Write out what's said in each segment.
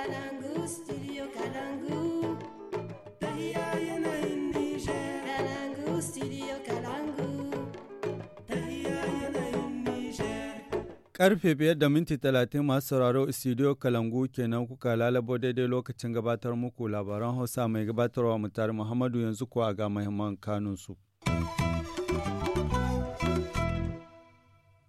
Kalangu, studio Kalangu. Karfe biyar da minti talatin masu sauraro studio Kalangu kenan kuka lalabo daidai lokacin gabatar muku labaran Hausa mai gabatarwa mutar Muhammadu yanzu kuwa ga mahimman kanunsu.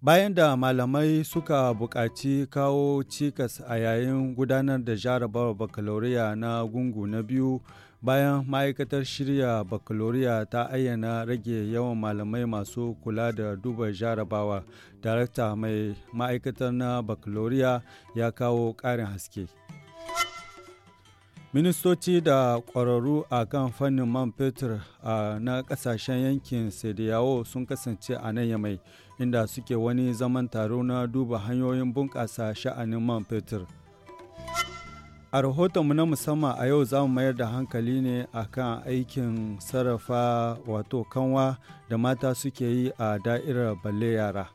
Bayan da malamai suka buƙaci kawo cikas a yayin gudanar da jarabawar bakaloriya na gungu na biyu bayan ma'aikatar shirya bakaloriya ta ayyana rage yawan malamai masu kula da duba jarabawa darakta mai ma'aikatar na bakaloriya ya kawo ƙarin haske ministoci da ƙwararru a kan fannin man fetur na ƙasashen yankin sediyawo sun kasance a nan yamai inda suke wani zaman taro na duba hanyoyin bunƙasa sha'anin man fetur. A rahotonmu na musamman a yau za mu mayar da hankali ne a kan aikin sarrafa wato kanwa da mata suke yi a da'irar balle yara.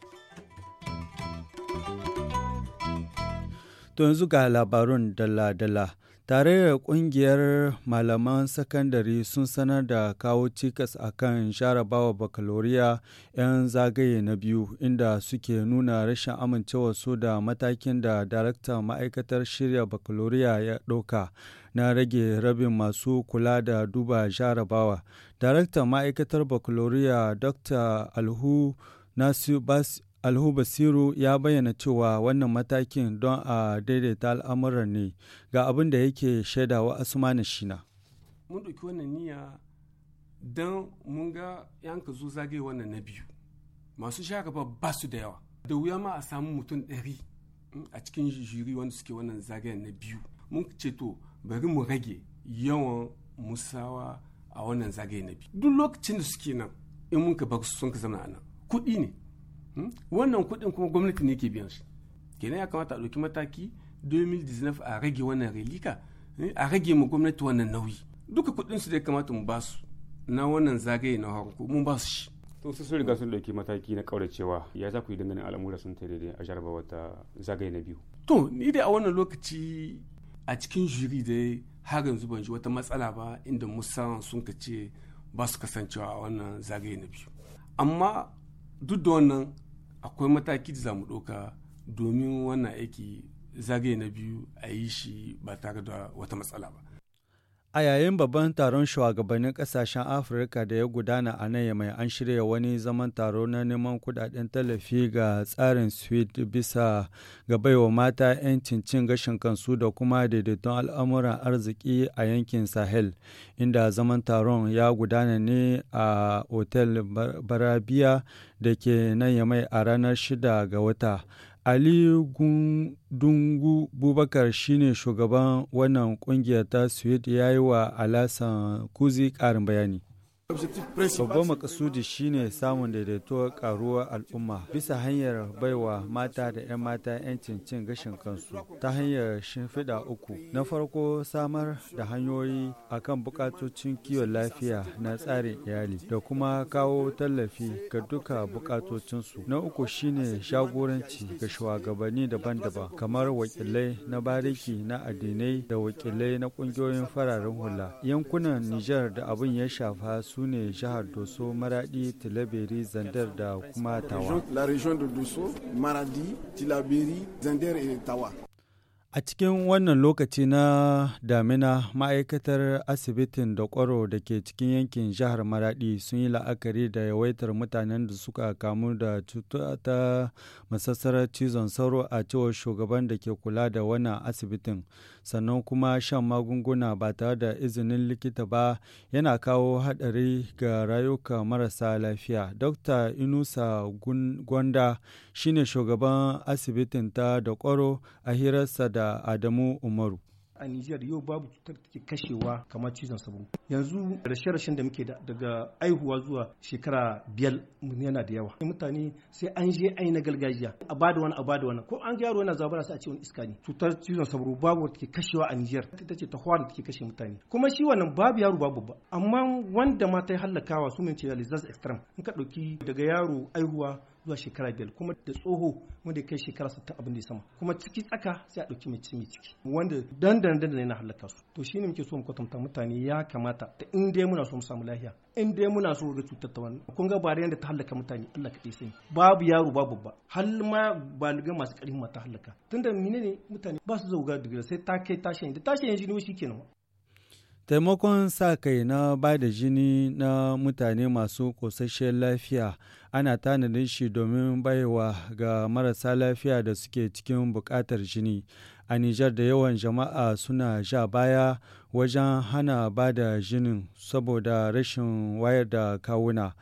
To yanzu ga labarun dala-dala. Tare da ƙungiyar malaman sakandare sun sanar da kawo cikas a kan jarabawa bakaloriya 'yan zagaye na biyu inda suke nuna rashin su da matakin da daraktan ma'aikatar shirya bakaloriya ya ɗauka na rage rabin masu kula da duba jarabawa. Daraktan ma'aikatar bakaloriya Dr. Alhu Nasu Bas Alhu Basiru ya bayyana cewa wannan matakin don a daidaita al'amuran ne ga abin da yake shaidawa asumana Shina. Mun ɗauki wannan niyya don mun ga yanka zo zagaye wannan na biyu. Masu sha gaba ba su da yawa. Da wuya ma a samu mutum ɗari hmm, a cikin jiri wanda suke wannan zagayen na biyu. Mun ce to bari mu rage yawan musawa a wannan zagaye na biyu. Duk lokacin da suke nan in mun ka bar su sun ka zama a nan. Kuɗi ne. Hmm? wannan kudin kuma gwamnati ne ke biyan su kenan ya kamata a ɗauki mataki 2019 a rage wannan relika hmm? a rage mu gwamnati wannan nauyi duka kudin su da ya kamata mu ba su na wannan zagaye na harko mun ba su shi to su sun riga sun ɗauki mataki na kauracewa ya za ku yi dangane al'amura sun tare da a jarabawa wata zagaye na biyu to ni da a wannan lokaci a cikin jiri da har yanzu ban ji wata matsala ba inda musamman sun ka ce ba su kasancewa a wannan zagaye na biyu amma duk da wannan akwai mataki da zamu mu ɗauka domin wannan aiki zagaye na biyu a yi shi ba tare da wata matsala ba A yayin babban taron shugabannin kasashen Afirka da ya gudana a nan mai an shirya wani zaman taro na neman kudaden tallafi ga tsarin Swede bisa ga baiwa mata 'yancin cin gashin kansu da kuma daidaiton al'amuran arziki a yankin Sahel, inda zaman taron ya gudana ne a Otel Barabia da ke nan mai a ranar shida ga wata. Ali Gundungu Bubakar shine shugaban wannan kungiya ta Swede ya yi wa alasan kuzi ƙarin bayani. Babban makasudi shine samun daidaito karuwar al'umma bisa hanyar baiwa mata da 'yan mata 'yancin cin gashin kansu ta hanyar shimfiɗa uku. Na farko samar da hanyoyi a kan bukatocin kiwon lafiya na tsarin iyali da kuma kawo tallafi ga duka bukatocinsu. Na uku shine shagoranci ga shugabanni daban-daban kamar wakilai na bariki na addinai da wakilai na ƙungiyoyin fararen hula. Yankunan Nijar da abin ya shafa su su ne jihar Doso, Maradi, Tilaberi, Zandar da kuma Tawa. La région de Doso, Maradi, Tilaberi, Zandar et Tawa. A cikin wannan lokaci na damina, ma'aikatar asibitin da kwaro da ke cikin yankin jihar Maradi sun yi la'akari da yawaitar mutanen da suka kamu da cuta ta masassarar cizon sauro a cewar shugaban da ke kula da wannan asibitin. Sannan kuma shan magunguna ba tare da izinin likita ba yana kawo haɗari ga rayuka marasa lafiya. Dr. Inusa Gwanda shine shugaban asibitin ta da kwaro a hirarsa da Adamu Umaru. a Nijar yau babu cutar take kashewa kamar cizon sauro. Yanzu rashe-rashen da muke daga aihuwa zuwa shekara biyar yana da yawa. Mutane sai an je ai na gargajiya a da wani a da wani ko an ji yaro yana zabara sai a ce wani iska ne. Cutar cizon sauro babu wata take kashewa a Nijar ita ce ta hwara take kashe mutane. Kuma shi wannan babu yaro babu ba. amma wanda ma ta yi hallakawa su mun ce extreme in ka ɗauki daga yaro aihuwa zuwa shekara biyar kuma da tsoho wanda kai shekara ta abin da sama kuma ciki tsaka sai a ɗauki mai cimi ciki wanda dandan dandan yana halaka su to shine muke so mu kwatanta mutane ya kamata ta in dai muna so mu samu lafiya in dai muna so ga cutar ta wannan kun ga bare da ta halaka mutane Allah kaɗai sani babu yaro babu babba har ma baliga masu ƙarfi ma ta halaka tunda menene mutane ba su zauga digiri sai ta kai tashin da tashin yanzu ne shi kenan Taimakon sa-kai na ba da jini na mutane masu kosasshen lafiya ana tanadin shi domin baiwa ga marasa lafiya da suke cikin bukatar jini. A Nijar da yawan jama'a suna ja baya wajen hana ba da jinin saboda rashin wayar da kawuna.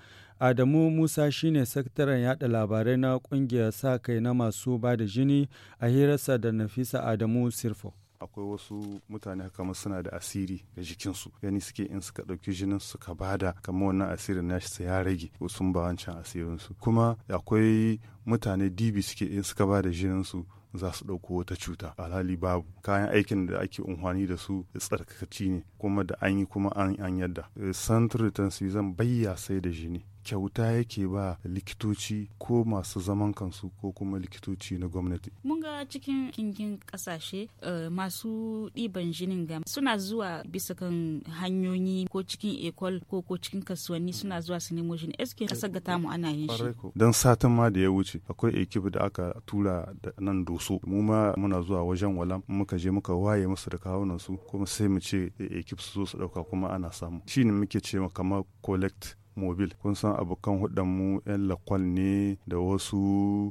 Adamu Musa shine sakataren yada labarai na kungiyar sa-kai na masu ba da jini a hirarsa da Nafisa Adamu Sirfo. akwai wasu mutane kamar suna da asiri ga jikinsu gani suke in suka ɗauki jinin suka bada kamar wannan asirin nashi ya rage sun ba wancan asirinsu kuma akwai mutane dibi suke in suka bada jininsu za su ɗauko wata cuta alhali babu kayan aikin da ake unhwani da su tsarkakaci ne kuma da an yi kuma an yadda central eh, retention zan bayya sai da jini kyauta yake ba likitoci ko masu zaman kansu ko kuma likitoci na gwamnati. Mun ga cikin kingin kasashe eh, masu ɗiban jinin ga suna zuwa bisa kan hanyoyi ko cikin ekol ko ko cikin kasuwanni suna zuwa su nemo jini. Eske kasar ga tamu ana yin shi. Dan satin ma da ya wuce akwai ekip da aka tura da nan doso. Mu ma muna zuwa wajen walam muka je muka waye musu da kawunan su kuma sai mu ce eh, ekip su zo su ɗauka kuma ana samu. Shi ne muke ce ma kamar collect mobil kun san abokan hudan mu yan lakwal ne da wasu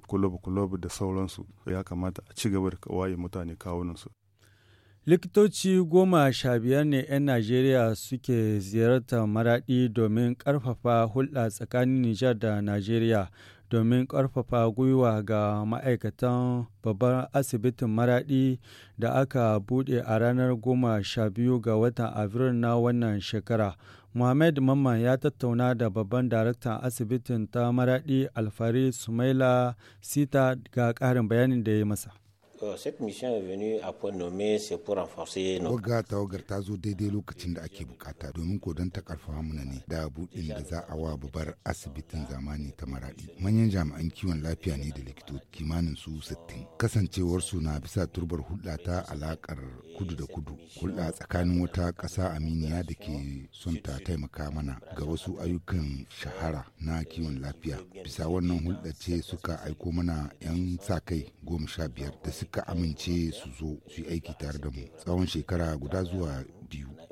kulob-kulob da sauransu ya kamata a ci gaba da waye mutane kawunansu likitoci goma sha biyar ne 'yan najeriya suke ziyartar maradi domin karfafa hulɗa tsakanin nijar da najeriya domin karfafa gwiwa ga ma'aikatan babban asibitin maraɗi da aka bude a ranar goma sha biyu ga watan abril na wannan shekara Mohamed Mamman ya tattauna da babban daraktan asibitin ta Maradi Alfari Sumaila Sita ga ƙarin bayanin da ya yi masa. Euh, Wagga ta wagar tawagar ta zo daidai lokacin da ake bukata domin ko ta karfafa muna ne da buɗin da za a wa babar asibitin zamani ta maraɗi Manyan jami'an kiwon lafiya ne da likitoci kimanin su 60. kasancewarsu na bisa turbar hulɗa ta alakar kudu da kudu hulɗa tsakanin wata ƙasa aminiya da ke son ta taimaka mana ga wasu ayyukan shahara na kiwon lafiya bisa wannan hulɗa ce suka aiko mana 'yan sa kai goma sha biyar da suka amince su zo su yi aiki tare da mu tsawon shekara guda zuwa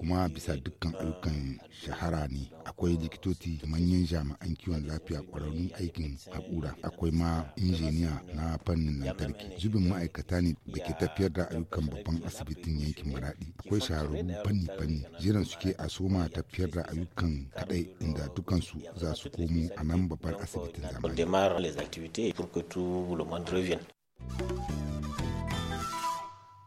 kuma bisa dukkan ayyukan shahara ne akwai likitoci manyan jami'an kiwon lafiya kwararrun aikin haƙura akwai ma injiniya na fannin lantarki zubin ma'aikata ne da ke tafiyar da ayyukan babban asibitin yankin maradi akwai shahararru fanni fanni jiran suke a soma tafiyar da ayyukan kaɗai inda dukansu za su komo a nan babbar asibitin zamani.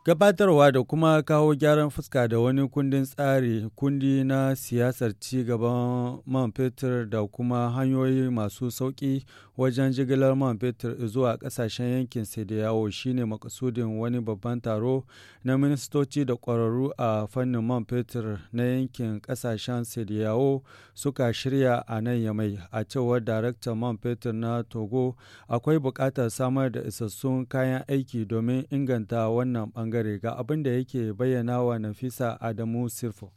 Gabatarwa da kuma kawo gyaran fuska da wani kundin tsari kundi na siyasar ci gaban man fetur da kuma hanyoyi masu sauƙi wajen jigilar man fetur zuwa ƙasashen yankin sai da yawo shine makasudin wani babban taro na ministoci da ƙwararru a fannin man fetur na yankin ƙasashen sai da yawo suka shirya a nan yamai a cewar daraktan man fetur na togo akwai buƙatar samar da isassun kayan aiki domin inganta wannan bangar. ɓangare ga abin da yake bayyana wa Nafisa Adamu Sirfo.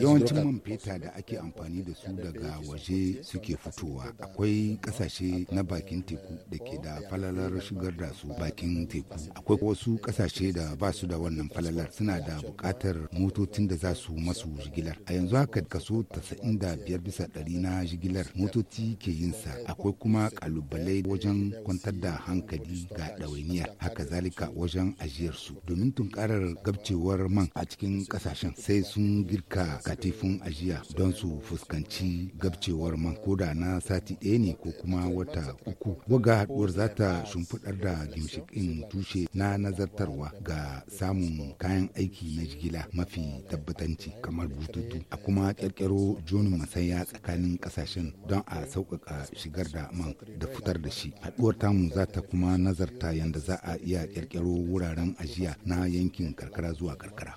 Yawancin man feta da ake amfani da su daga waje suke fitowa. Akwai kasashe na bakin teku da ke da falalar shigar da su bakin teku. Akwai wasu kasashe da ba su da wannan falalar suna da bukatar motocin da za su masu jigilar. A yanzu haka kaso 95 bisa ɗari na jigilar motoci ke yin sa. Akwai kuma ƙalubalai wajen kwantar da hankali ga ɗawainiyar. Haka zalika wajen ajiyar su. Domin tunkarar gabcewar man a cikin kasashe kasashen sai sun girka katifin ajiya don su fuskanci gabcewar man koda na sati ɗaya ne ko kuma wata uku waga haɗuwar za ta shimfiɗar da ginshiƙin tushe na nazartarwa ga samun kayan aiki na jigila mafi tabbatanci kamar bututu a kuma ƙirƙiro jonin masaya tsakanin kasashen don a sauƙaƙa shigar da man da fitar da shi haɗuwar tamu za ta kuma nazarta yadda za a iya ƙirƙiro wuraren ajiya na yankin karkara zuwa karkara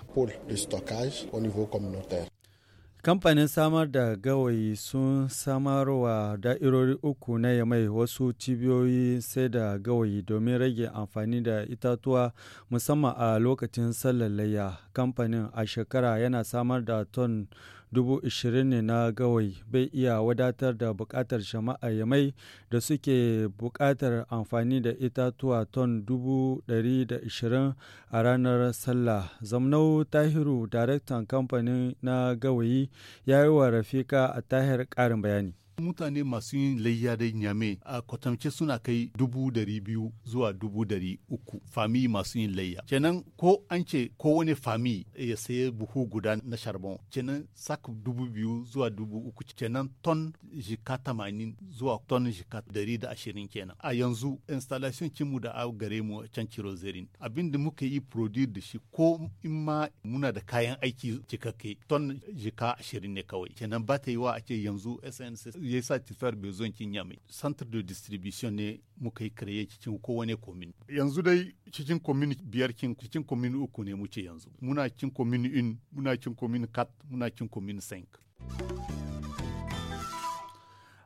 stockage au niveau communautaire. Kamfanin samar da gawayi sun samarwa da'irori uku na yamai wasu cibiyoyi sai da gawayi domin rage amfani da itatuwa musamman a lokacin layya Kamfanin a shekara yana samar da ton dubu ishirin ne na gawai bai iya wadatar da buƙatar jama'a mai da suke buƙatar amfani da itatuwa ton 120 a ranar sallah zamnau tahiru daraktan kamfanin na gawayi ya yi wa rafika a tahir ƙarin bayani mutane masu yin layya da nyame a kwatance suna kai dubu dari biyu zuwa dubu dari uku fami masu yin layya kenan ko an ce ko wani fami ya saye buhu guda na sharbon kenan sak dubu biyu zuwa dubu uku kenan ton jika tamanin zuwa ton jika dari da ashirin kenan a yanzu installation kinmu da a gare mu can kirozerin abin da muka yi produit da shi ko in ma muna da kayan aiki cikakke ton jika ashirin ne kawai kenan ba ta yi wa a ce yanzu snc ya sa tifar bai zon mai yamai de da distribution ne muka yi kare cikin kowane komin yanzu dai cikin commune biyar kin cikin komin uku ne muke yanzu muna cikin komin in muna cikin komin kat muna cikin komin sank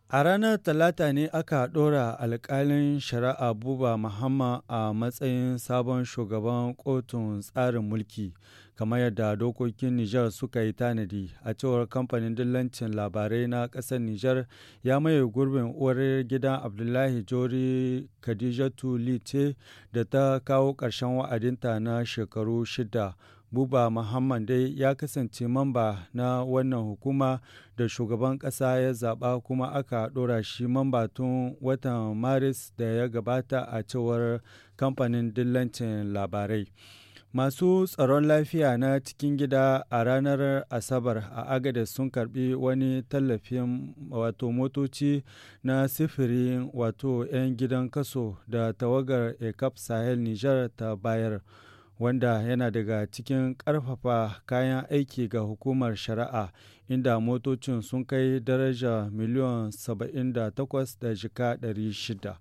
A ranar Talata ne aka ɗora alkalin shari'a Buba Muhammad a matsayin sabon shugaban kotun tsarin mulki, kamar yadda dokokin Nijar suka yi tanadi, a cewar kamfanin dillancin labarai na ƙasar Nijar ya maye gurbin uwar gidan Abdullahi Jori Khadijatu Lite da ta kawo ƙarshen wa'adinta na shekaru shida. Buba Muhammad dai ya kasance mamba na wannan hukuma da shugaban kasa ya zaba kuma aka ɗora shi mamba tun watan Maris da ya gabata a cewar kamfanin dillancin labarai. Masu tsaron lafiya na cikin gida a ranar Asabar a agada sun karbi wani tallafin wato motoci na sifiri wato 'yan gidan kaso da tawagar ECAP Sahel Niger ta bayar. wanda yana daga cikin ƙarfafa kayan aiki ga hukumar shari'a inda motocin sun kai daraja miliyan 78 da jika 600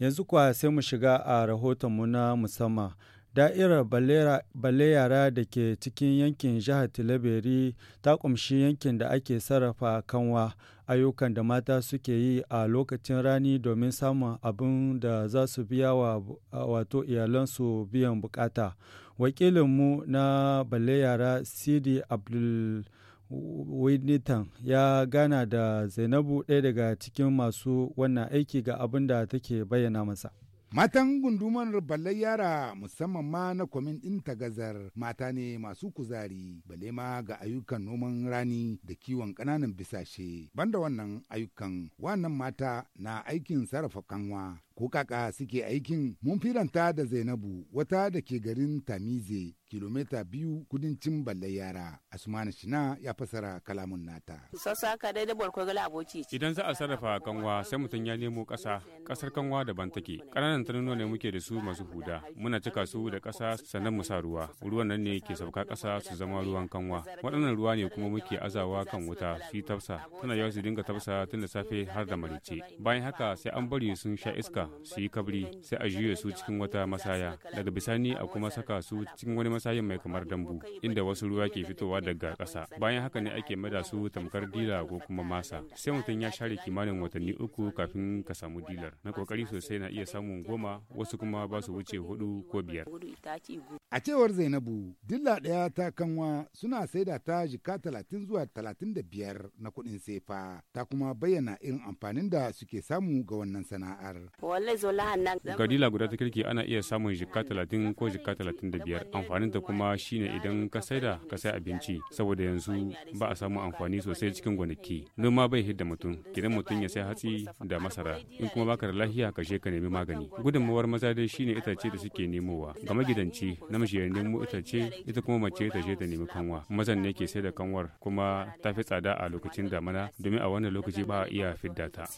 yanzu kuwa sai mu shiga a rahoton mu na musamman Da'irar Balle da ke cikin yankin jihar Tilaberi ta kumshi yankin da ake sarrafa kanwa, ayyukan da mata suke yi a lokacin rani domin samun abin da za su biya wa wato iyalansu biyan bukata. Wakilinmu na Balle Yara Sidi Abdul Winnitan ya gana da Zainabu ɗaya daga cikin masu wannan aiki ga abin da take bayyana masa. Matan gundumar ballar yara musamman ma na kwamin ɗin tagazar mata ne masu kuzari bale ma ga ayyukan noman rani da kiwon ƙananan bisashe. Banda wannan ayyukan wannan mata na aikin sarrafa kanwa ko kaka suke aikin mun firanta da zainabu wata da ke garin tamize kilomita biyu kudincin balle yara asmanu shina ya fasara kalamun nata dai da idan za a sarrafa kanwa sai mutum ya nemo kasa kasar kanwa daban take ƙananan tarnuwa ne muke da su masu huda muna cika su da kasa sannan mu sa ruwa ruwan nan ne ke sauka kasa su zama ruwan kanwa waɗannan ruwa ne kuma muke azawa kan wuta su yi tafsa tana yawa su dinga tafsa tun da safe har da marice bayan haka sai an bari sun sha iska su yi kabri sai a juya su cikin wata masaya daga bisani a kuma saka su cikin wani masayin mai kamar dambu inda wasu ruwa ke fitowa daga ƙasa bayan haka ne ake mada su tamkar dila ko kuma masa sai mutum ya share kimanin watanni uku kafin ka samu dilar na kokari sosai na iya samun goma wasu kuma ba su wuce hudu ko biyar a cewar zainabu dilla ɗaya ta kanwa suna saida ta jika talatin zuwa talatin da biyar na kuɗin sefa ta kuma bayyana irin amfanin da suke samu ga wannan sana'ar wallahi zo lahan nan gadila guda ta kirki ana iya samun jikka talatin ko jikka biyar amfanin ta kuma shine idan ka saida ka sai abinci saboda yanzu ba a samu amfani sosai cikin gonaki noma bai hidda mutum gidan mutum ya sai hatsi da masara in kuma baka da lafiya ka je ka nemi magani gudunmawar maza dai shine itace da suke nemowa ga magidanci namiji ya nemo itace ita kuma mace ta je ta nemi kanwa mazan ne ke sai da kanwar kuma ta fi tsada a lokacin damana domin a wannan lokaci ba a iya fidda ta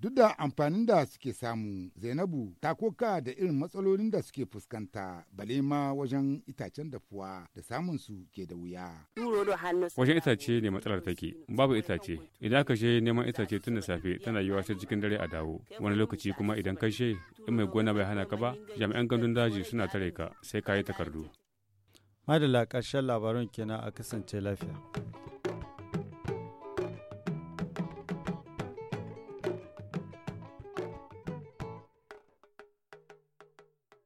duk da amfanin da suke sa samu zainabu ta koka da irin matsalolin da suke fuskanta bale ma wajen itacen dafuwa da samun su ke da wuya wajen itace ne matsalar take babu itace idan ka je neman itace tun da safe tana yiwa sai cikin dare a dawo wani lokaci kuma idan ka she in mai gona bai hana ka ba jami'an gandun daji suna tare ka sai ka yi takardu madalla ƙarshen labarin kenan a kasance lafiya